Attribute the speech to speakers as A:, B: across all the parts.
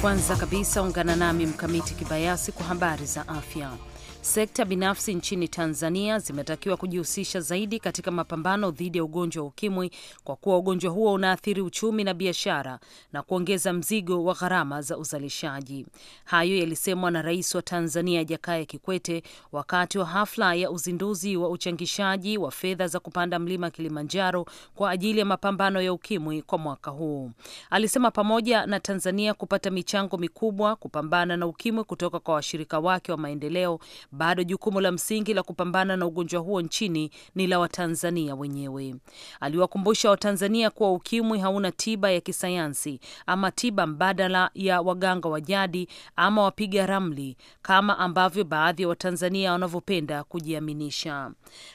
A: Kwanza kabisa ungana nami Mkamiti Kibayasi kwa habari za afya. Sekta binafsi nchini Tanzania zimetakiwa kujihusisha zaidi katika mapambano dhidi ya ugonjwa wa ukimwi kwa kuwa ugonjwa huo unaathiri uchumi na biashara na kuongeza mzigo wa gharama za uzalishaji. Hayo yalisemwa na Rais wa Tanzania Jakaya Kikwete wakati wa hafla ya uzinduzi wa uchangishaji wa fedha za kupanda mlima Kilimanjaro kwa ajili ya mapambano ya ukimwi kwa mwaka huu. Alisema pamoja na Tanzania kupata michango mikubwa kupambana na ukimwi kutoka kwa washirika wake wa maendeleo bado jukumu la msingi la kupambana na ugonjwa huo nchini ni la Watanzania wenyewe. Aliwakumbusha Watanzania kuwa ukimwi hauna tiba ya kisayansi ama tiba mbadala ya waganga wa jadi ama wapiga ramli kama ambavyo baadhi ya wa Watanzania wanavyopenda kujiaminisha.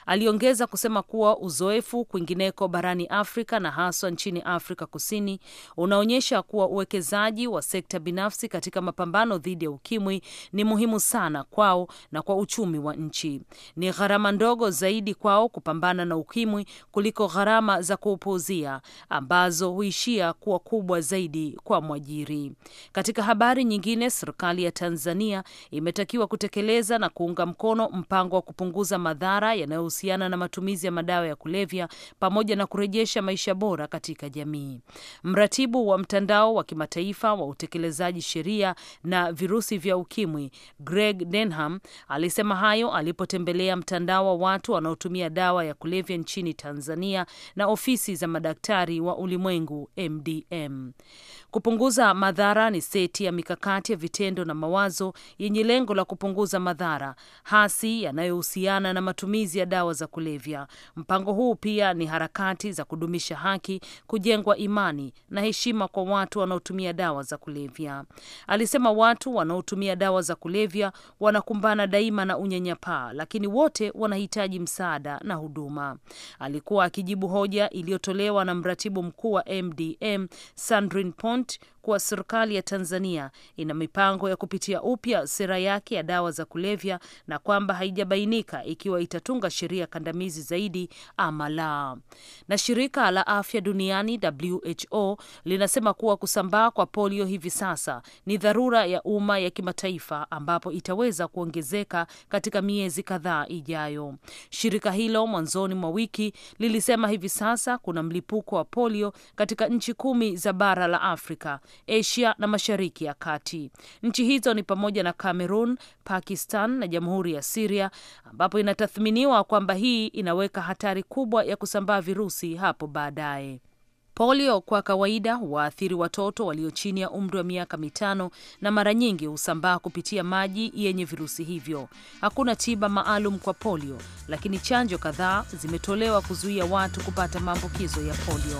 A: Aliongeza kusema kuwa uzoefu kwingineko barani Afrika na haswa nchini Afrika Kusini unaonyesha kuwa uwekezaji wa sekta binafsi katika mapambano dhidi ya ukimwi ni muhimu sana kwao na kwa uchumi wa nchi. Ni gharama ndogo zaidi kwao kupambana na ukimwi kuliko gharama za kuupuuzia ambazo huishia kuwa kubwa zaidi kwa mwajiri. Katika habari nyingine, serikali ya Tanzania imetakiwa kutekeleza na kuunga mkono mpango wa kupunguza madhara yanayohusiana na matumizi ya madawa ya kulevya pamoja na kurejesha maisha bora katika jamii. Mratibu wa mtandao wa kimataifa wa utekelezaji sheria na virusi vya ukimwi Greg Denham Alisema hayo alipotembelea mtandao wa watu wanaotumia dawa ya kulevya nchini Tanzania na ofisi za madaktari wa ulimwengu MDM. Kupunguza madhara ni seti ya mikakati ya vitendo na mawazo yenye lengo la kupunguza madhara hasi yanayohusiana na matumizi ya dawa za kulevya. Mpango huu pia ni harakati za kudumisha haki, kujengwa imani na heshima kwa watu wanaotumia dawa za kulevya. Alisema watu wanaotumia dawa za kulevya wanakumbana daima daima na unyanyapaa, lakini wote wanahitaji msaada na huduma. Alikuwa akijibu hoja iliyotolewa na mratibu mkuu wa MDM Sandrine Pont kuwa serikali ya Tanzania ina mipango ya kupitia upya sera yake ya dawa za kulevya na kwamba haijabainika ikiwa itatunga sheria kandamizi zaidi ama la. Na shirika la afya duniani WHO linasema kuwa kusambaa kwa polio hivi sasa ni dharura ya umma ya kimataifa ambapo itaweza kuongezeka katika miezi kadhaa ijayo. Shirika hilo mwanzoni mwa wiki lilisema hivi sasa kuna mlipuko wa polio katika nchi kumi za bara la Afrika Asia na Mashariki ya Kati. Nchi hizo ni pamoja na Cameroon, Pakistan na Jamhuri ya siria ambapo inatathminiwa kwamba hii inaweka hatari kubwa ya kusambaa virusi hapo baadaye. Polio kwa kawaida huwaathiri watoto walio chini ya umri wa miaka mitano na mara nyingi husambaa kupitia maji yenye virusi hivyo. Hakuna tiba maalum kwa polio, lakini chanjo kadhaa zimetolewa kuzuia watu kupata maambukizo ya polio.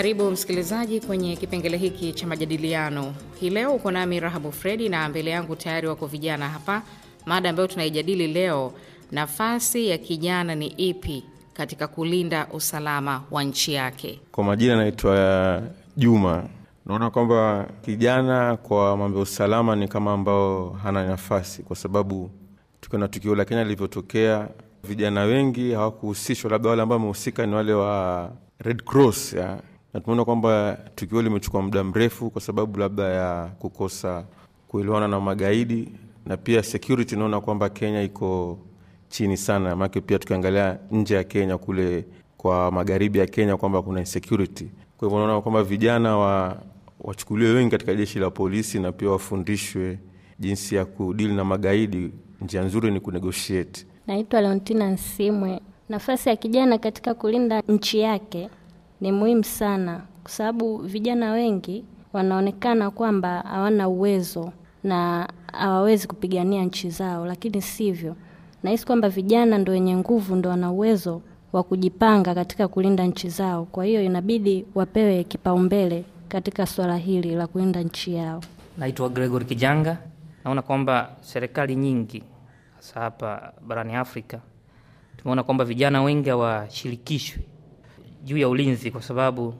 B: Karibu msikilizaji kwenye kipengele hiki cha majadiliano. Hii leo uko nami Rahabu Fredi na mbele yangu tayari wako vijana hapa. Mada ambayo tunaijadili leo, nafasi ya kijana ni ipi katika kulinda usalama wa nchi yake?
C: Kwa majina naitwa uh, Juma. Naona kwamba kijana kwa mambo ya usalama ni kama ambao hana nafasi, kwa sababu tukiona tukio la Kenya lilivyotokea, vijana wengi hawakuhusishwa, labda wale ambao wamehusika ni wale wa Red Cross ya na tumeona kwamba tukio limechukua muda mrefu kwa sababu labda ya kukosa kuelewana na magaidi na pia security. Naona kwamba Kenya iko chini sana, maanake pia tukiangalia nje ya Kenya kule kwa magharibi ya Kenya kwamba kuna insecurity. Kwa hivyo naona kwamba vijana wa wachukuliwe wengi katika jeshi la polisi na pia wafundishwe jinsi ya kudili na magaidi. Njia nzuri ni kunegotiate.
D: Naitwa Leontina Nsimwe. Nafasi ya kijana katika kulinda nchi yake ni muhimu sana, kwa sababu vijana wengi wanaonekana kwamba hawana uwezo na hawawezi kupigania nchi zao, lakini sivyo. Nahisi kwamba vijana ndo wenye nguvu, ndo wana uwezo wa kujipanga katika kulinda nchi zao. Kwa hiyo inabidi wapewe kipaumbele katika swala hili la kulinda nchi yao.
E: Naitwa gregory Kijanga. Naona kwamba serikali nyingi hasa hapa barani Afrika tumeona kwamba vijana wengi hawashirikishwi juu ya ulinzi, kwa sababu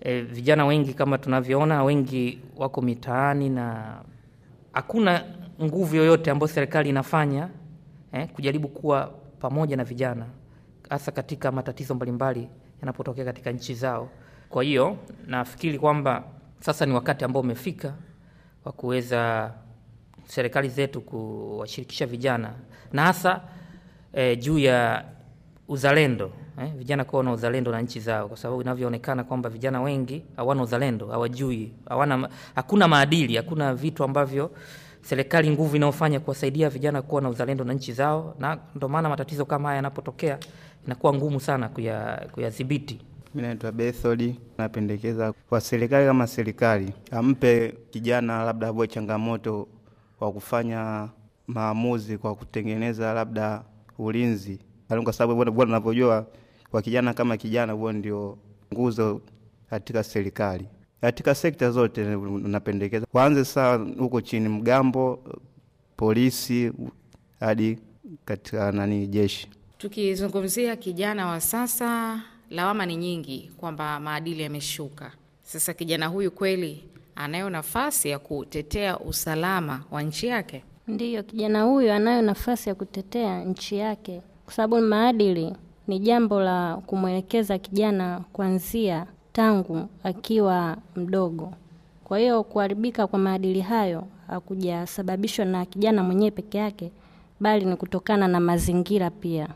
E: e, vijana wengi kama tunavyoona, wengi wako mitaani na hakuna nguvu yoyote ambayo serikali inafanya eh, kujaribu kuwa pamoja na vijana hasa katika matatizo mbalimbali yanapotokea katika nchi zao. Kwa hiyo nafikiri kwamba sasa ni wakati ambao umefika wa kuweza serikali zetu kuwashirikisha vijana na hasa eh, juu ya uzalendo eh, vijana kuwa na uzalendo na nchi zao, kwa sababu inavyoonekana kwamba vijana wengi hawana uzalendo, hawajui, hawana, hakuna maadili, hakuna vitu ambavyo serikali nguvu inayofanya kuwasaidia vijana kuwa na uzalendo na nchi zao, na ndio maana matatizo kama haya yanapotokea inakuwa ngumu sana kuyadhibiti kuya
C: mimi naitwa Bethodi. Napendekeza kwa serikali kama serikali ampe kijana labda awe changamoto kwa kufanya maamuzi kwa kutengeneza labda ulinzi, kwa sababu bwana tunavyojua kwa kijana kama kijana, huo ndio nguzo katika serikali, katika sekta zote. Napendekeza waanze saa huko chini, mgambo, polisi, hadi katika nani, jeshi.
B: Tukizungumzia kijana wa sasa, lawama ni nyingi kwamba maadili yameshuka. Sasa kijana huyu kweli anayo nafasi ya kutetea usalama wa nchi yake?
D: Ndiyo, kijana huyu anayo nafasi ya kutetea nchi yake kwa sababu maadili ni jambo la kumwelekeza kijana kuanzia tangu akiwa mdogo. Kwa hiyo kuharibika kwa maadili hayo hakujasababishwa na kijana mwenyewe peke yake, bali ni kutokana na mazingira pia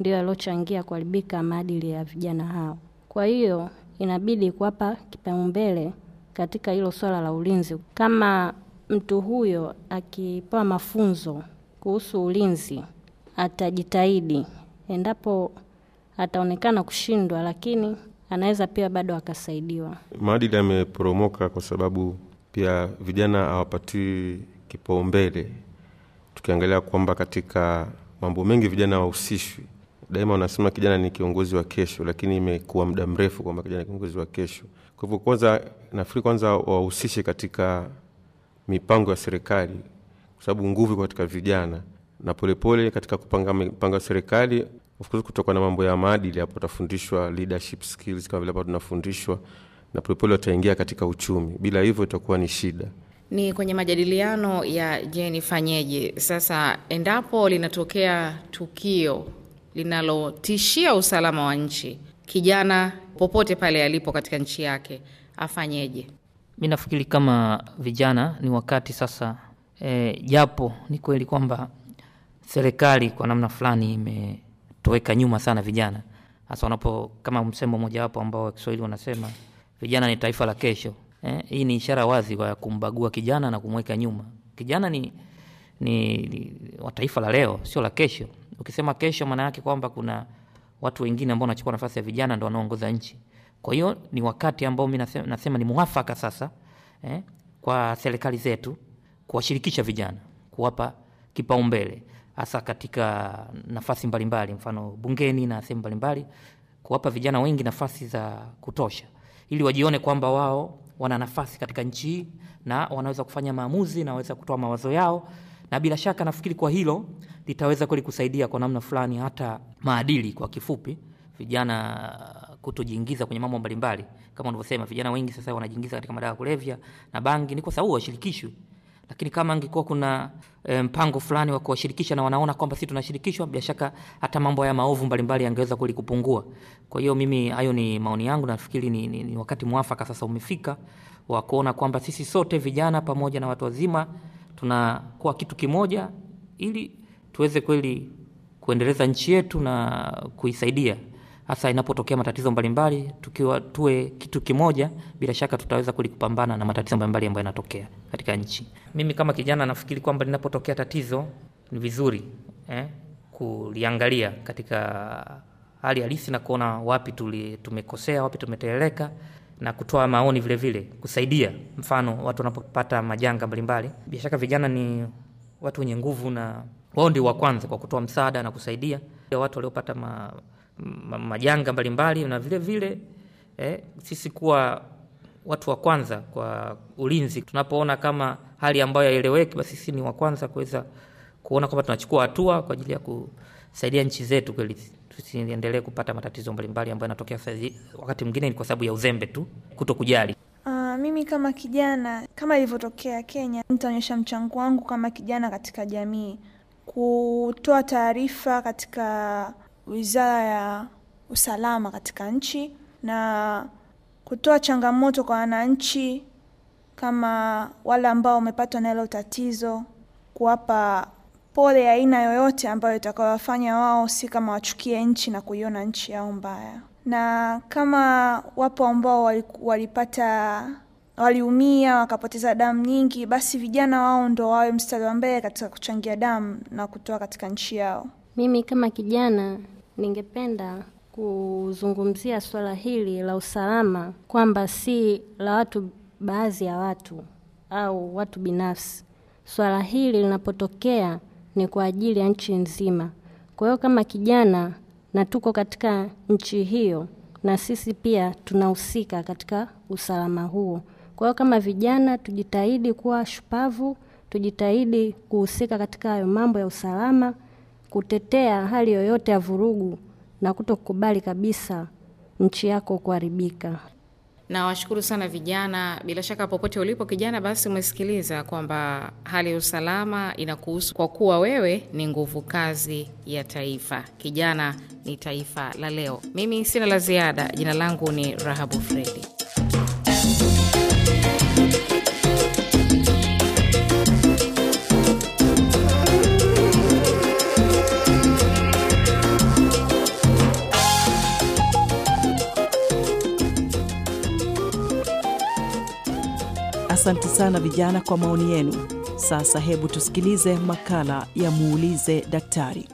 D: ndio yalochangia kuharibika maadili ya vijana hao. Kwa hiyo inabidi kuwapa kipaumbele katika hilo swala la ulinzi. Kama mtu huyo akipewa mafunzo kuhusu ulinzi, atajitahidi endapo ataonekana kushindwa, lakini anaweza pia bado akasaidiwa.
C: Maadili yameporomoka kwa sababu pia vijana hawapatii kipaumbele, tukiangalia kwamba katika mambo mengi vijana hawahusishwi daima wanasema kijana ni kiongozi wa kesho, lakini imekuwa muda mrefu kwamba kijana ni kiongozi wa kesho. Kwa hivyo, kwanza nafikiri kwanza wahusishe katika mipango ya serikali, kwa sababu nguvu iko katika vijana, na polepole pole katika kupanga mipango ya serikali Of kutoka na mambo ya maadili hapo, utafundishwa leadership skills kama vile hapa tunafundishwa, na polepole wataingia katika uchumi. Bila hivyo itakuwa ni shida.
B: Ni kwenye majadiliano ya je, nifanyeje sasa, endapo linatokea tukio linalotishia usalama wa nchi, kijana popote pale alipo katika nchi yake afanyeje?
E: Mi nafikiri kama vijana ni wakati sasa e, japo ni kweli kwamba serikali kwa namna fulani ime wanatoweka nyuma sana vijana, hasa wanapo kama msemo mmojawapo ambao wa Kiswahili wanasema vijana ni taifa la kesho. Eh, hii ni ishara wazi kwa kumbagua kijana na kumweka nyuma. Kijana ni, ni, ni wa taifa la leo, sio la kesho. Ukisema kesho, maana yake kwamba kuna watu wengine ambao wanachukua nafasi ya vijana ndio wanaongoza nchi. Kwa hiyo ni wakati ambao mimi nasema, nasema ni muafaka sasa eh, kwa serikali zetu kuwashirikisha vijana, kuwapa kipaumbele hasa katika nafasi mbalimbali, mfano bungeni na sehemu mbalimbali, kuwapa vijana wengi nafasi za kutosha, ili wajione kwamba wao wana nafasi katika nchi hii na wanaweza kufanya maamuzi na waweza kutoa mawazo yao, na bila shaka nafikiri kwa hilo litaweza kweli kusaidia kwa namna fulani, hata maadili kwa kifupi, vijana kutojiingiza kwenye mambo mbalimbali. Kama unavyosema, vijana wengi sasa wanajiingiza katika madawa ya kulevya na bangi, ni kwa sababu washirikishwi lakini kama angekuwa kuna e, mpango fulani wa kuwashirikisha na wanaona kwamba sisi tunashirikishwa, bila shaka hata mambo haya maovu mbalimbali yangeweza kupungua Kwa hiyo mimi, hayo ni maoni yangu, nafikiri ni, ni, ni wakati mwafaka sasa umefika wa kuona kwamba sisi sote vijana pamoja na watu wazima tunakuwa kitu kimoja, ili tuweze kweli kuendeleza nchi yetu na kuisaidia hasa inapotokea matatizo mbalimbali, tukiwa tuwe kitu kimoja, bila shaka tutaweza kulikupambana na matatizo mbalimbali ambayo yanatokea katika nchi. Mimi kama kijana nafikiri kwamba linapotokea tatizo ni vizuri eh, kuliangalia katika hali halisi na kuona wapi tuli, tumekosea wapi tumeteleleka na kutoa maoni vile vile, kusaidia. Mfano, watu wanapopata majanga mbalimbali, bila shaka vijana ni watu wenye nguvu na wao ndio wa kwanza kwa kutoa msaada na kusaidia watu waliopata ma majanga mbalimbali na vile vile eh, sisi kuwa watu wa kwanza kwa ulinzi. Tunapoona kama hali ambayo haieleweki, basi sisi ni wa kwanza kuweza kuona kwamba tunachukua hatua kwa ajili ya kusaidia nchi zetu kweli tusiendelee kupata matatizo mbalimbali ambayo yanatokea wakati mwingine ni kwa sababu ya uzembe tu, kuto kujali.
A: Uh, ah, mimi kama kijana, kama ilivyotokea Kenya, nitaonyesha mchango wangu kama kijana katika jamii, kutoa taarifa katika wizara ya usalama katika nchi na kutoa changamoto kwa wananchi kama wale ambao wamepatwa na hilo tatizo, kuwapa pole ya aina yoyote ambayo itakawafanya wao si kama wachukie nchi na kuiona nchi yao mbaya. Na kama wapo ambao walipata waliumia wakapoteza damu nyingi, basi vijana wao ndo wawe mstari wa mbele katika kuchangia damu na kutoa katika nchi yao. Mimi kama
D: kijana Ningependa kuzungumzia swala hili la usalama kwamba si la watu baadhi ya watu au watu binafsi. Swala hili linapotokea ni kwa ajili ya nchi nzima. Kwa hiyo kama kijana na tuko katika nchi hiyo, na sisi pia tunahusika katika usalama huo. Kwa hiyo kama vijana tujitahidi kuwa shupavu, tujitahidi kuhusika katika hayo mambo ya usalama kutetea hali yoyote ya vurugu na kutokubali kabisa nchi yako kuharibika.
B: Nawashukuru sana vijana. Bila shaka popote ulipo kijana, basi umesikiliza kwamba hali ya usalama inakuhusu kwa kuwa wewe ni nguvu kazi ya taifa. Kijana ni taifa la leo. Mimi sina la ziada. Jina langu ni Rahabu Fredi.
F: Asante sana vijana kwa maoni yenu. Sasa hebu tusikilize makala ya muulize daktari.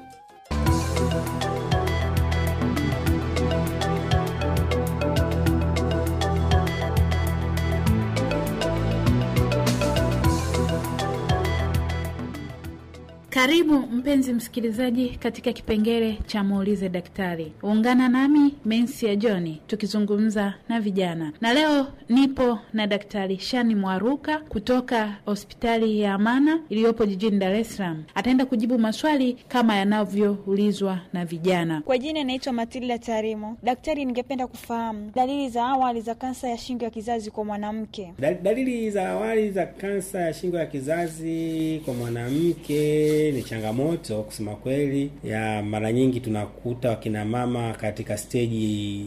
G: Karibu mpenzi msikilizaji katika kipengele cha muulize daktari. Ungana nami Mensi ya Johni tukizungumza na vijana, na leo nipo na Daktari Shani Mwaruka kutoka hospitali ya Amana iliyopo jijini Dar es Salaam. Ataenda kujibu maswali kama yanavyoulizwa na vijana. Kwa jina anaitwa Matilda Tarimo. Daktari, ningependa kufahamu dalili za awali za kansa ya shingo ya kizazi kwa mwanamke.
H: Dalili za awali za kansa ya shingo ya kizazi kwa mwanamke ni changamoto kusema kweli, ya mara nyingi tunakuta wakina mama katika steji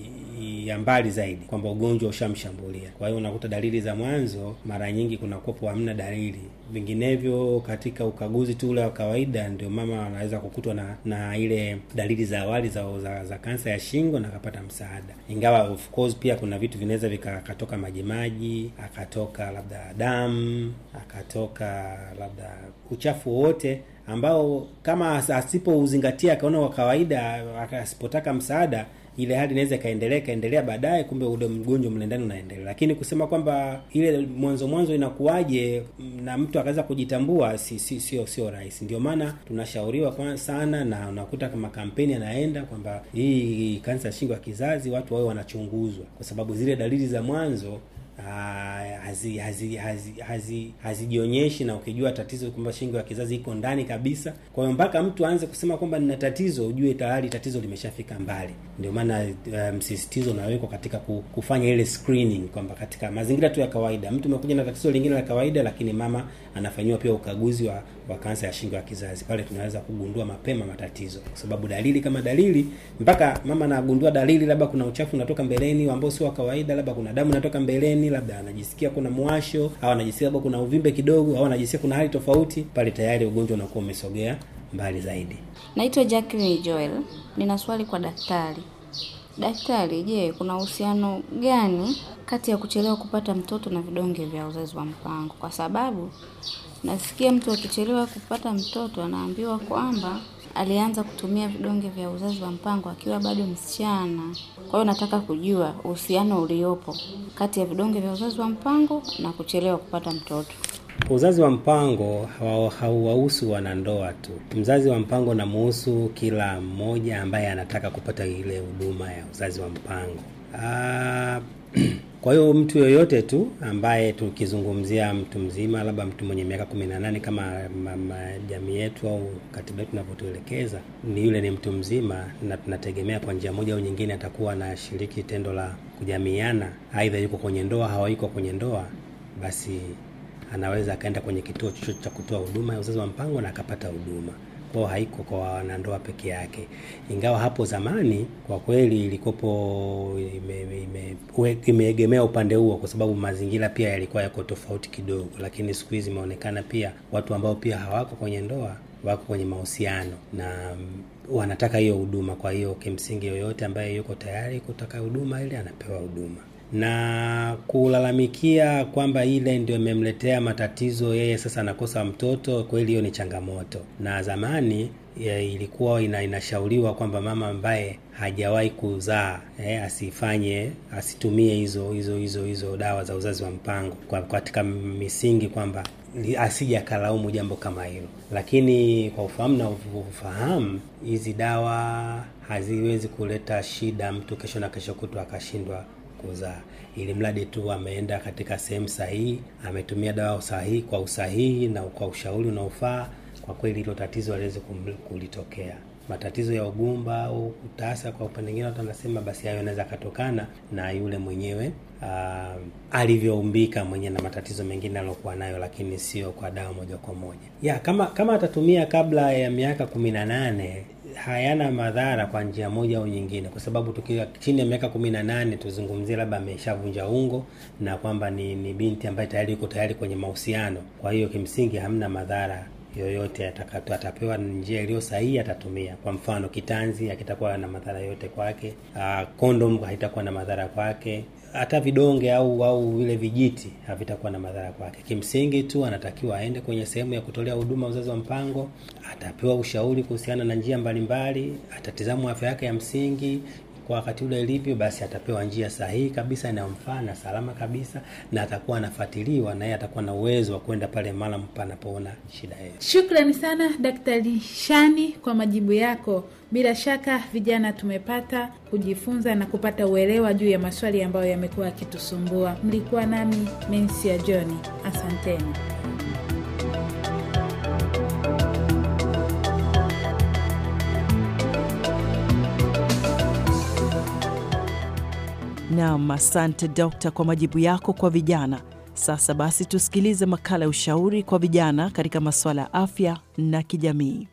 H: ya mbali zaidi, kwamba ugonjwa ushamshambulia. Kwa hiyo unakuta dalili za mwanzo mara nyingi kunakuwapo hamna dalili, vinginevyo katika ukaguzi tu ule wa kawaida ndio mama anaweza kukutwa na, na ile dalili za awali za, za, za kansa ya shingo na akapata msaada, ingawa of course pia kuna vitu vinaweza vikatoka majimaji, akatoka labda damu, akatoka labda uchafu wowote ambao kama asipouzingatia akaona wa kawaida, asipotaka msaada, ile hali inaweza ikaendelea ikaendelea, baadaye kumbe ule mgonjwa mle ndani unaendelea. Lakini kusema kwamba ile mwanzo mwanzo inakuwaje mm, na mtu akaweza kujitambua, si sio si, sio rahisi. Ndio maana tunashauriwa kwa sana, na unakuta kama kampeni anaenda kwamba hii kansa shingo ya kizazi watu wawe wanachunguzwa, kwa sababu zile dalili za mwanzo hazijionyeshi ah, hazi, hazi, hazi, hazi na ukijua tatizo kwamba shingo ya kizazi iko ndani kabisa. Kwa hiyo mpaka mtu aanze kusema kwamba nina tatizo, ujue tayari tatizo limeshafika mbali. Ndio maana eh, msisitizo um, unawekwa katika kufanya ile screening, kwamba katika mazingira tu ya kawaida mtu umekuja na tatizo lingine la kawaida, lakini mama anafanyiwa pia ukaguzi wa, wa kansa ya shingo ya kizazi. Pale tunaweza kugundua mapema matatizo, kwa sababu dalili kama dalili, mpaka mama anagundua dalili, labda kuna uchafu unatoka mbeleni ambao sio wa kawaida, labda kuna damu inatoka mbeleni nini, labda anajisikia kuna mwasho au anajisikia labda kuna uvimbe kidogo au anajisikia kuna hali tofauti, pale tayari ugonjwa unakuwa umesogea mbali zaidi.
D: Naitwa Jacqueline Joel, nina swali kwa daktari. Daktari, je, kuna uhusiano gani kati ya kuchelewa kupata mtoto na vidonge vya uzazi wa mpango? Kwa sababu nasikia mtu akichelewa kupata mtoto anaambiwa kwamba alianza kutumia vidonge vya uzazi wa mpango akiwa bado msichana. Kwa hiyo nataka kujua uhusiano uliopo kati ya vidonge vya uzazi wa mpango na kuchelewa kupata mtoto.
H: Uzazi wa mpango hauwahusu wanandoa tu. Mzazi wa mpango namuhusu kila mmoja ambaye anataka kupata ile huduma ya uzazi wa mpango. Aa, ah, Kwa hiyo mtu yoyote tu ambaye tukizungumzia mtu mzima, labda mtu mwenye miaka 18 kama jamii yetu au katiba yetu inavyotuelekeza, ni yule ni mtu mzima, na tunategemea kwa njia moja au nyingine atakuwa anashiriki tendo la kujamiana, aidha yuko kwenye ndoa, yuko kwenye ndoa, basi anaweza akaenda kwenye kituo chochote cha kutoa huduma ya uzazi wa mpango na akapata huduma kwa haiko kwa wanandoa peke yake, ingawa hapo zamani kwa kweli ilikopo imeegemea ime, ime upande huo, kwa sababu mazingira pia yalikuwa yako tofauti kidogo, lakini siku hizi imeonekana pia watu ambao pia hawako kwenye ndoa wako kwenye mahusiano na mm, wanataka hiyo huduma. Kwa hiyo kimsingi, yoyote ambaye yuko tayari kutaka huduma ile anapewa huduma na kulalamikia kwamba ile ndio imemletea matatizo yeye, sasa anakosa mtoto, kweli hiyo ni changamoto. Na zamani ya ilikuwa ina, inashauriwa kwamba mama ambaye hajawahi kuzaa eh, asifanye asitumie hizo hizo hizo hizo dawa za uzazi wa mpango kwa katika misingi kwamba asija kalaumu jambo kama hilo, lakini kwa ufahamu na ufahamu hizi dawa haziwezi kuleta shida mtu kesho na kesho kutwa akashindwa kuzaa, ili mradi tu ameenda katika sehemu sahihi, ametumia dawa sahihi kwa usahihi na kwa ushauri unaofaa, kwa kweli hilo tatizo aliweze kulitokea. Matatizo ya ugumba au kutasa, kwa upande mwingine watu wanasema basi hayo anaweza akatokana na yule mwenyewe uh, alivyoumbika mwenyewe na matatizo mengine aliyokuwa nayo, lakini sio kwa dawa moja kwa moja. Ya, kama kama atatumia kabla ya miaka kumi na nane hayana madhara kwa njia moja au nyingine, kwa sababu tukiwa chini ya miaka kumi na nane tuzungumzie labda ameshavunja ungo na kwamba ni, ni binti ambaye tayari yuko tayari kwenye mahusiano. Kwa hiyo kimsingi hamna madhara yoyote atakatu, atapewa njia iliyo sahihi atatumia. Kwa mfano kitanzi akitakuwa na madhara yote kwake, kondom ah, haitakuwa na madhara kwake, hata vidonge au au vile vijiti havitakuwa na madhara kwake. Kimsingi tu anatakiwa aende kwenye sehemu ya kutolea huduma uzazi wa mpango, atapewa ushauri kuhusiana na njia mbalimbali, atatizamwa afya yake ya msingi, kwa wakati ule ilivyo, basi atapewa njia sahihi kabisa inayomfaa na salama kabisa, na atakuwa anafuatiliwa na yeye atakuwa na uwezo wa kwenda pale mara panapoona shida hiyo.
G: Shukrani sana Daktari Shani kwa majibu yako. Bila shaka vijana tumepata kujifunza na kupata uelewa juu ya maswali ambayo yamekuwa yakitusumbua. Mlikuwa nami Mensia Johni, asanteni.
F: Nam, asante dokta kwa majibu yako kwa vijana. Sasa basi tusikilize makala ya ushauri kwa vijana katika masuala ya afya na kijamii.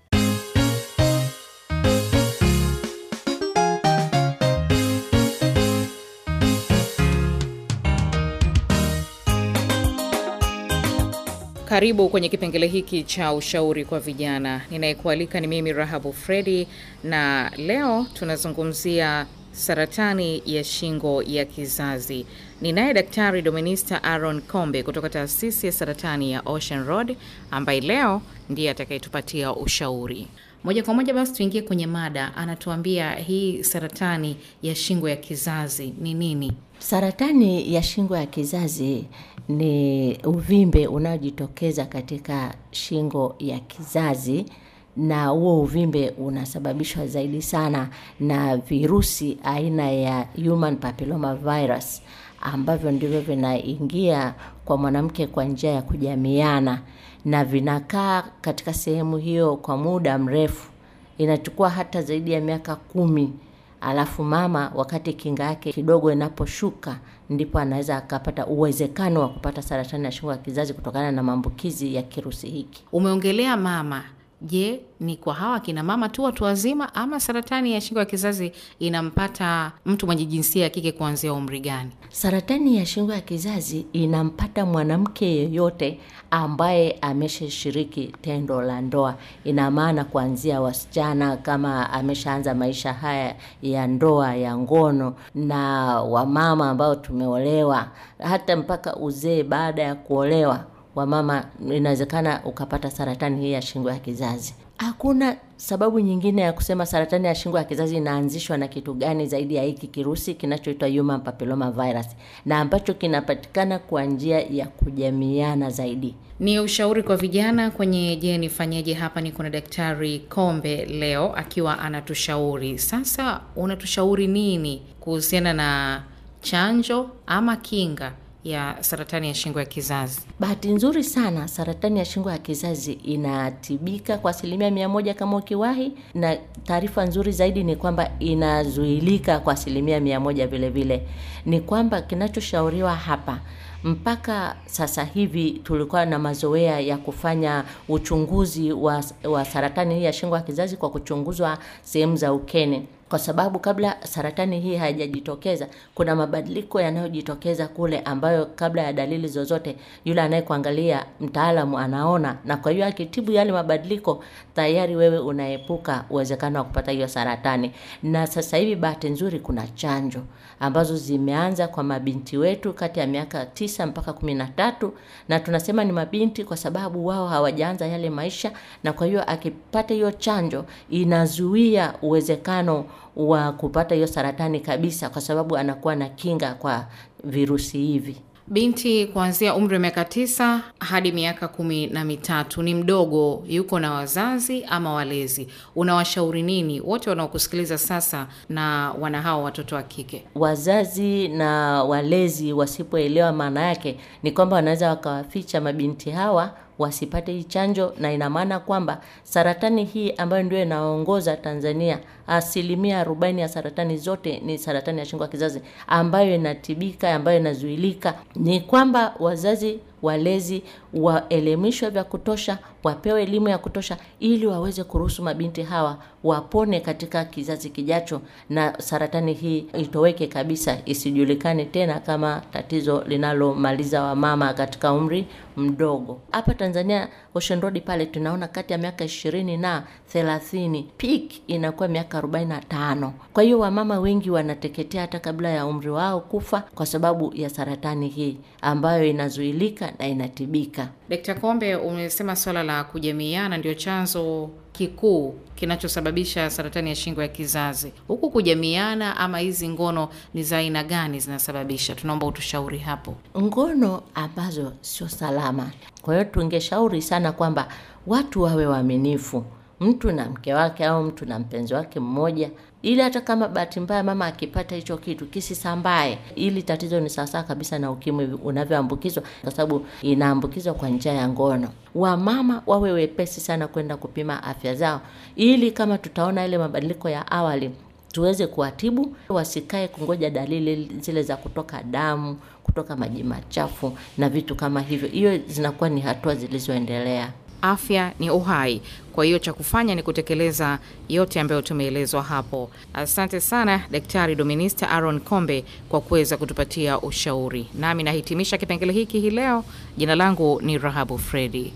B: Karibu kwenye kipengele hiki cha ushauri kwa vijana. Ninayekualika ni mimi Rahabu Fredi, na leo tunazungumzia saratani ya shingo ya kizazi. ni naye Daktari Dominista Aaron Kombe kutoka taasisi ya saratani ya Ocean Road ambaye leo ndiye atakayetupatia ushauri moja kwa moja. Basi tuingie kwenye mada, anatuambia hii saratani ya shingo ya kizazi ni nini? Saratani ya shingo ya kizazi ni uvimbe
I: unaojitokeza katika shingo ya kizazi na huo uvimbe unasababishwa zaidi sana na virusi aina ya human papilloma virus ambavyo ndivyo vinaingia kwa mwanamke kwa njia ya kujamiana na vinakaa katika sehemu hiyo kwa muda mrefu, inachukua hata zaidi ya miaka kumi. Alafu mama wakati kinga yake kidogo inaposhuka, ndipo anaweza akapata uwezekano wa kupata saratani ya shingo ya kizazi kutokana na maambukizi ya kirusi hiki.
B: Umeongelea mama Je, ni kwa hawa kina mama tu watu wazima, ama saratani ya shingo ya kizazi inampata mtu mwenye jinsia ya kike kuanzia umri gani? Saratani
I: ya shingo ya kizazi inampata mwanamke yeyote ambaye ameshashiriki tendo la ndoa. Ina maana kuanzia wasichana kama ameshaanza maisha haya ya ndoa ya ngono, na wamama ambao tumeolewa, hata mpaka uzee baada ya kuolewa wa mama, inawezekana ukapata saratani hii ya shingo ya kizazi. Hakuna sababu nyingine ya kusema saratani ya shingo ya kizazi inaanzishwa na kitu gani zaidi ya hiki kirusi kinachoitwa human papiloma virus na ambacho kinapatikana kwa njia ya kujamiana zaidi.
B: Ni ushauri kwa vijana kwenye Je Nifanyeje. Hapa niko na Daktari Kombe leo akiwa anatushauri. Sasa unatushauri nini kuhusiana na chanjo ama kinga ya saratani ya shingo ya kizazi.
I: Bahati nzuri sana, saratani ya shingo ya kizazi inatibika kwa asilimia mia moja kama ukiwahi, na taarifa nzuri zaidi ni kwamba inazuilika kwa asilimia mia moja vilevile. Ni kwamba kinachoshauriwa hapa mpaka sasa hivi tulikuwa na mazoea ya kufanya uchunguzi wa, wa saratani hii ya shingo ya kizazi kwa kuchunguzwa sehemu za ukene kwa sababu kabla saratani hii haijajitokeza kuna mabadiliko yanayojitokeza kule, ambayo kabla ya dalili zozote yule anayekuangalia mtaalamu anaona, na kwa hiyo akitibu yale mabadiliko tayari wewe unaepuka uwezekano wa kupata hiyo saratani. Na sasa hivi bahati nzuri kuna chanjo ambazo zimeanza kwa mabinti wetu kati ya miaka tisa mpaka kumi na tatu, na tunasema ni mabinti kwa sababu wao hawajaanza yale maisha, na kwa hiyo akipata hiyo chanjo inazuia uwezekano wa kupata hiyo saratani kabisa, kwa sababu anakuwa na kinga kwa virusi hivi.
B: Binti kuanzia umri wa miaka tisa hadi miaka kumi na mitatu ni mdogo, yuko na wazazi ama walezi, unawashauri nini wote wanaokusikiliza sasa na wana hao watoto wa kike? Wazazi na walezi
I: wasipoelewa maana yake, ni kwamba wanaweza wakawaficha mabinti hawa wasipate hii chanjo, na ina maana kwamba saratani hii ambayo ndio inaongoza Tanzania, asilimia 40 ya saratani zote ni saratani ya shingo ya kizazi ambayo inatibika, ambayo inazuilika. Ni kwamba wazazi walezi waelimishwe vya kutosha wapewe elimu ya kutosha ili waweze kuruhusu mabinti hawa wapone katika kizazi kijacho, na saratani hii itoweke kabisa, isijulikane tena kama tatizo linalomaliza wamama katika umri mdogo. Hapa Tanzania Ocean Road pale tunaona kati ya miaka ishirini na thelathini peak inakuwa miaka arobaini na tano. Kwa hiyo wamama wengi wanateketea hata kabla ya umri wao kufa kwa sababu ya saratani hii ambayo inazuilika na
B: inatibika. Dkt. Kombe, umesema swala la na kujamiiana ndio chanzo kikuu kinachosababisha saratani ya shingo ya kizazi. Huku kujamiiana ama hizi ngono ni za aina gani zinasababisha? Tunaomba utushauri hapo.
I: Ngono ambazo sio salama. Kwa hiyo tungeshauri sana kwamba watu wawe waaminifu, mtu na mke wake au mtu na mpenzi wake mmoja ili hata kama bahati mbaya mama akipata hicho kitu kisisambae. Ili tatizo ni sawasawa kabisa na ukimwi unavyoambukizwa, kwa sababu inaambukizwa kwa njia ya ngono. Wamama wawe wepesi sana kwenda kupima afya zao, ili kama tutaona yale mabadiliko ya awali tuweze kuwatibu, wasikae kungoja dalili zile za kutoka damu, kutoka maji machafu na vitu kama hivyo. Hiyo zinakuwa ni hatua zilizoendelea
B: afya ni uhai. Kwa hiyo cha kufanya ni kutekeleza yote ambayo tumeelezwa hapo. Asante sana Daktari Dominista Aaron Kombe kwa kuweza kutupatia ushauri, nami nahitimisha kipengele hiki hii leo. Jina langu ni Rahabu Fredi.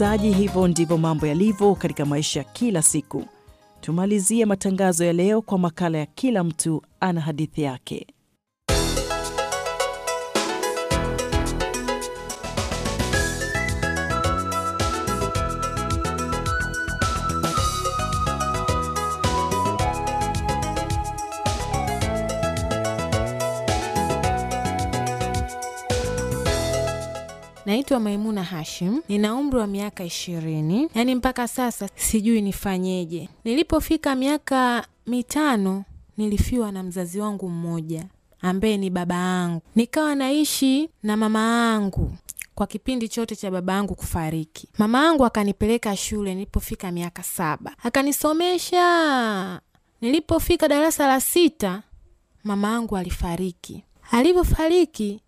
F: Msikilizaji, hivyo ndivyo mambo yalivyo katika maisha kila siku. Tumalizie matangazo ya leo kwa makala ya kila mtu ana hadithi yake.
G: Naitwa Maimuna Hashim, nina umri wa miaka ishirini. Yaani mpaka sasa sijui nifanyeje. Nilipofika miaka mitano nilifiwa na mzazi wangu mmoja ambaye ni baba yangu, nikawa naishi na mama yangu kwa kipindi chote cha baba yangu kufariki. Mama yangu akanipeleka shule nilipofika miaka saba, akanisomesha. Nilipofika darasa la sita mama yangu alifariki. Alivyofariki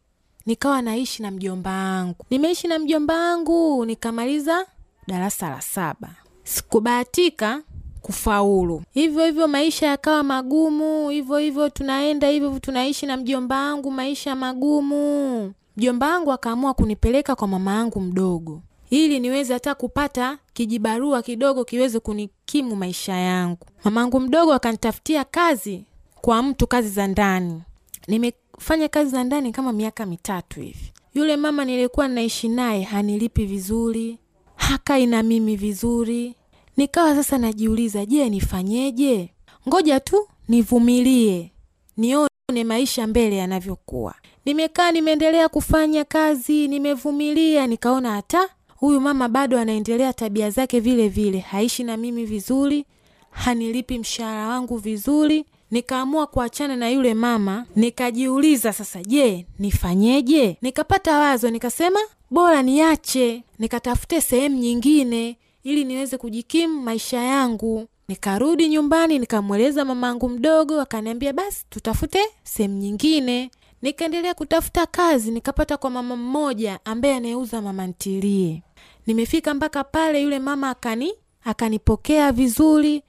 G: nikawa naishi na mjomba wangu. Nimeishi na mjomba wangu nikamaliza darasa la saba, sikubahatika kufaulu. Hivyo hivyo maisha yakawa magumu, hivyo hivyo tunaenda hivyo, tunaishi na mjomba wangu, maisha magumu. Mjomba wangu akaamua kunipeleka kwa mama yangu mdogo ili niweze hata kupata kijibarua kidogo kiweze kunikimu maisha yangu. Mamangu mdogo akanitafutia kazi kwa mtu, kazi za ndani. Nime, kufanya kazi za ndani kama miaka mitatu hivi. Yule mama nilikuwa naishi naye hanilipi vizuri, hakai na mimi vizuri. Nikawa sasa najiuliza, je, nifanyeje? Ngoja tu nivumilie, nione maisha mbele yanavyokuwa. Nimekaa, nimeendelea kufanya kazi, nimevumilia, nikaona hata huyu mama bado anaendelea tabia zake vile vile, haishi na mimi vizuri, hanilipi mshahara wangu vizuri nikaamua kuachana na yule mama. Nikajiuliza sasa, je, nifanyeje? Nikapata wazo, nikasema bora niache, nikatafute sehemu nyingine ili niweze kujikimu maisha yangu. Nikarudi nyumbani, nikamweleza mamangu mdogo, akaniambia basi tutafute sehemu nyingine. Nikaendelea kutafuta kazi, nikapata kwa mama mmoja ambaye anayeuza mama ntilie. Nimefika mpaka pale, yule mama akani akanipokea vizuri,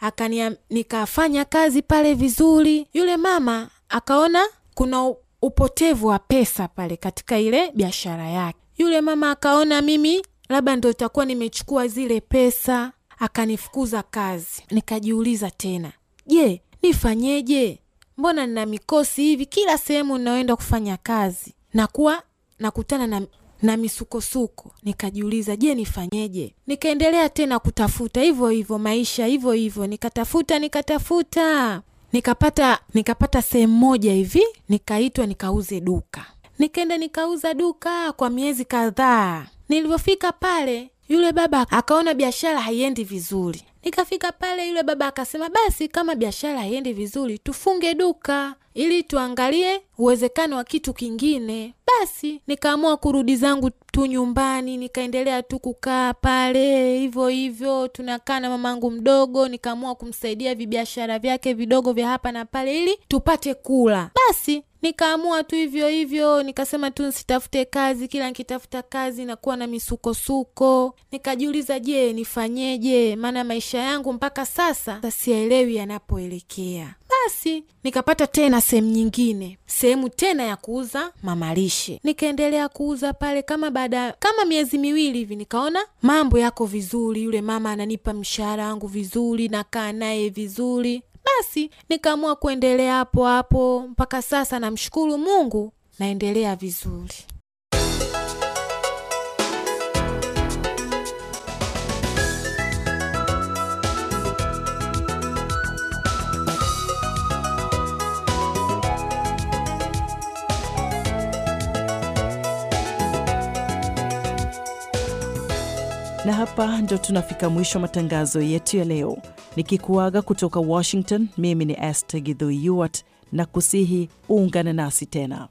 G: akania, nikafanya kazi pale vizuri. Yule mama akaona kuna upotevu wa pesa pale katika ile biashara yake. Yule mama akaona mimi labda ndo itakuwa nimechukua zile pesa, akanifukuza kazi. Nikajiuliza tena, je, nifanyeje? Mbona nina mikosi hivi? Kila sehemu ninayoenda kufanya kazi nakuwa nakutana na na misukosuko. Nikajiuliza, je, nifanyeje? Nikaendelea tena kutafuta hivyo hivyo, maisha hivyo hivyo, nikatafuta nikatafuta, nikapata nikapata sehemu moja hivi, nikaitwa nikauze duka. Nikaenda nikauza duka kwa miezi kadhaa. Nilivyofika pale, yule baba akaona biashara haiendi vizuri, ikafika pale, yule baba akasema basi kama biashara haiendi vizuri tufunge duka ili tuangalie uwezekano wa kitu kingine. Basi nikaamua kurudi zangu tu nyumbani, nikaendelea tu kukaa pale hivyo hivyo, tunakaa na mamangu mdogo. Nikaamua kumsaidia vibiashara vyake vidogo vya hapa na pale ili tupate kula. Basi nikaamua tu hivyo hivyo, nikasema tu nsitafute kazi, kila nkitafuta kazi nakuwa na misukosuko. Nikajiuliza, je, nifanyeje? Maana maisha yangu mpaka sasa sasielewi yanapoelekea. Basi nikapata tena sehemu nyingine, sehemu tena ya kuuza mamalishe. Nikaendelea kuuza pale kama baada kama miezi miwili hivi, nikaona mambo yako vizuri, yule mama ananipa mshahara wangu vizuri, nakaa naye vizuri, basi nikaamua kuendelea hapo hapo mpaka sasa, namshukuru Mungu naendelea vizuri.
F: Na hapa ndo tunafika mwisho matangazo yetu ya leo. Nikikuaga kutoka Washington, mimi ni Esther Githui yuat na kusihi uungane nasi tena.